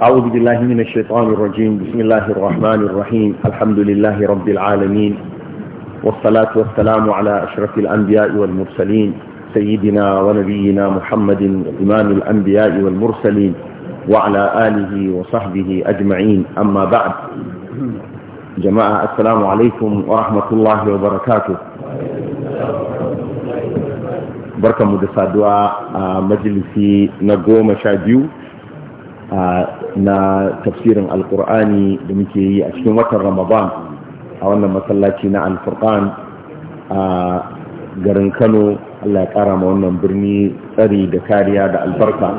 أعوذ بالله من الشيطان الرجيم بسم الله الرحمن الرحيم الحمد لله رب العالمين والصلاة والسلام على أشرف الأنبياء والمرسلين سيدنا ونبينا محمد إمام الأنبياء والمرسلين وعلى آله وصحبه أجمعين أما بعد جماعة السلام عليكم ورحمة الله وبركاته بركة مدسة دعاء آه، مجلسي نقوم شاديو na tafsirin alkur'ani da muke yi a cikin watan ramadan a wannan masallaci na alfurkan a garin kano allah ya kara ma wannan birni tsari da kariya da albarka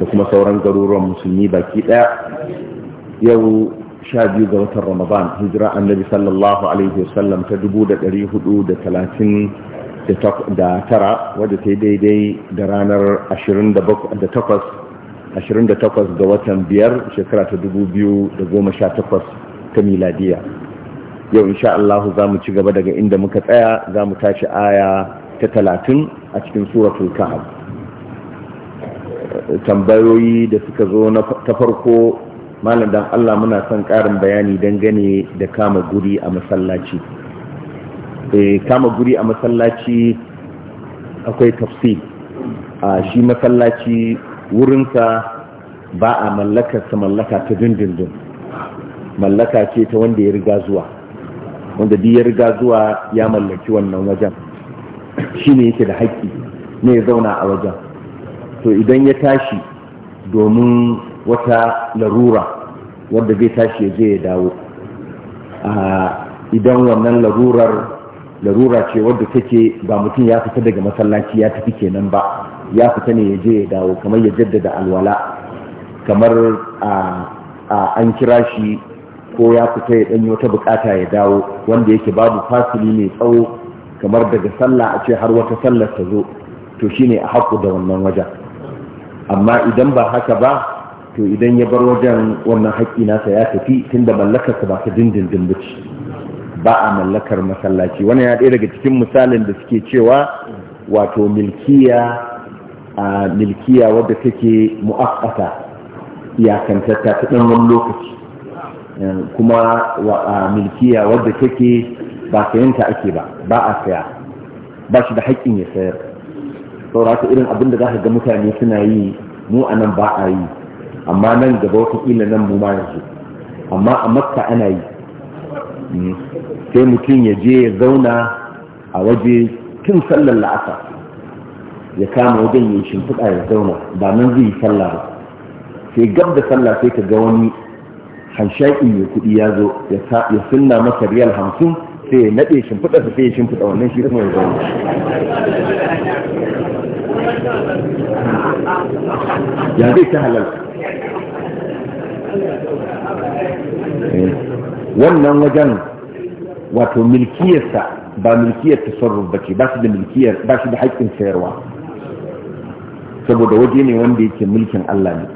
da kuma sauran garuruwan musulmi baki daya yau sha biyu ga watan ramadan hijira annabi sallallahu alaihi wasallam ta dubu da dari hudu da talatin da tara wadda ta yi daidai da ranar ashirin da takwas 28 ga watan biyar shekara ta 2018 ta miladiya yau insha Allah za mu ci gaba daga inda muka tsaya za mu tashi aya ta 30 a cikin suratul kahab tambayoyi da suka zo ta farko malam dan Allah muna son karin bayani dangane da kama guri a masallaci E, kama guri a masallaci akwai tafsir a ah, shi masallaci wurinsa ba a mallakarsa mallaka ta dindindin mallaka ce ta wanda ya riga zuwa wanda duk ya riga zuwa ya mallaki wannan wajen shi ne yake da haƙƙi ne ya zauna a wajen to idan ya tashi domin wata larura wanda zai tashi ya je ya dawo idan wannan larurar larura ce wadda take ba mutum ya fita daga masallaci ya tafi kenan ba ya fita ne ya je ya dawo kamar ya jaddada alwala kamar a an kira shi ko ya fita ya ɗanyo ta bukata ya dawo wanda yake babu fasili mai tsawo kamar daga sallah a ce har wata sallar ta zo to shine a haƙu da wannan wajen amma idan ba haka ba to idan ya bar wajen wannan haƙƙi nasa ya tafi tunda mallakarsa ba ta dindindin bace ba a mallakar masallaci wannan ya ɗaya daga cikin misalin da suke cewa wato milkiya a milkiya wadda take ya iyakantarta ta ɗan lokaci kuma a milkiya wadda take ba sayanta ake ba ba a saya ba shi da haƙƙin ya sayar ta irin abinda za ka ga mutane suna yi mu a nan ba a yi amma nan gaba wata watakila nan mu ma yanzu amma a makka ana yi sai mutum ya je ya zauna a waje tun sallar la'asa. ya kama wajen yin shimfiɗa ya zauna ba nan zai yi sallah ba sai gab da sallah sai ka ga wani hanshaƙi mai kuɗi ya zo ya sunna masa riyal hamsin sai ya naɗe shimfiɗarsa sai ya shimfiɗa wannan shi kuma ya zauna ya zai ta halal wannan wajen wato milkiyarsa ba milkiyar tasarruf ba ce ba shi da milkiyar ba shi da haƙƙin sayarwa saboda waje ne wanda yake mulkin Allah ne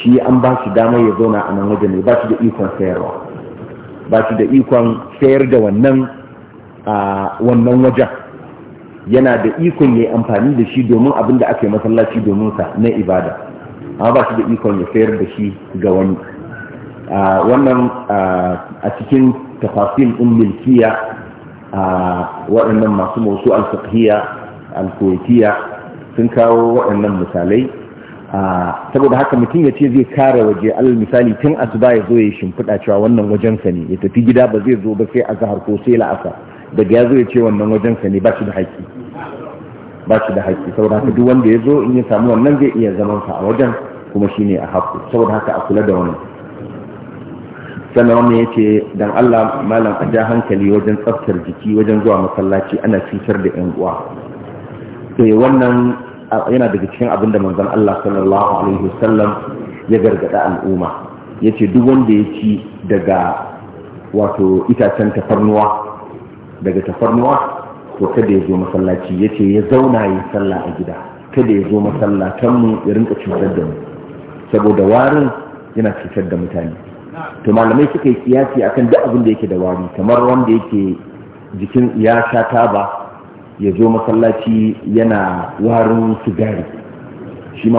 shi an ba shi damar ya zauna a nan waje ne ba shi da ikon sayarwa ba shi da ikon sayar da wannan wannan wajen yana da ikon ya yi amfani da shi domin abin da aka yi masallaci domin sa na ibada amma ba shi da ikon ya sayar da shi ga wani wannan a cikin tafasil ɗin milkiya waɗannan masu mausu al-fiqhiyya al-kuwaitiyya sun kawo waɗannan misalai saboda haka mutum ya ce zai kare waje alal misali tun asuba ya zo ya shimfiɗa cewa wannan wajensa ne ya tafi gida ba zai zo ba sai zahar ko sai la'asa daga ya zo ya ce wannan wajensa ne ba shi da haƙƙi ba shi da haƙƙi saboda haka duk wanda ya zo in ya samu wannan zai iya zaman sa a wajen kuma shine a haƙƙo saboda haka a kula da wannan sannan wannan ya ce dan Allah malam a ja hankali wajen tsaftar jiki wajen zuwa masallaci ana cutar da 'yan uwa sai wannan yana daga cikin abin da manzon Allah sallallahu alaihi wasallam ya gargada al'umma yace duk wanda ya ci daga wato itacen tafarnuwa daga tafarnuwa to kada ya zo masallaci yace ya zauna ya sallah a gida kada ya zo masallatan mu ya rinka cutar da mu saboda warin yana cutar da mutane to malamai suka yi kiyasi akan duk abin da yake da wari kamar wanda yake jikin ya sha taba ya zo masallaci yana warin sigari shi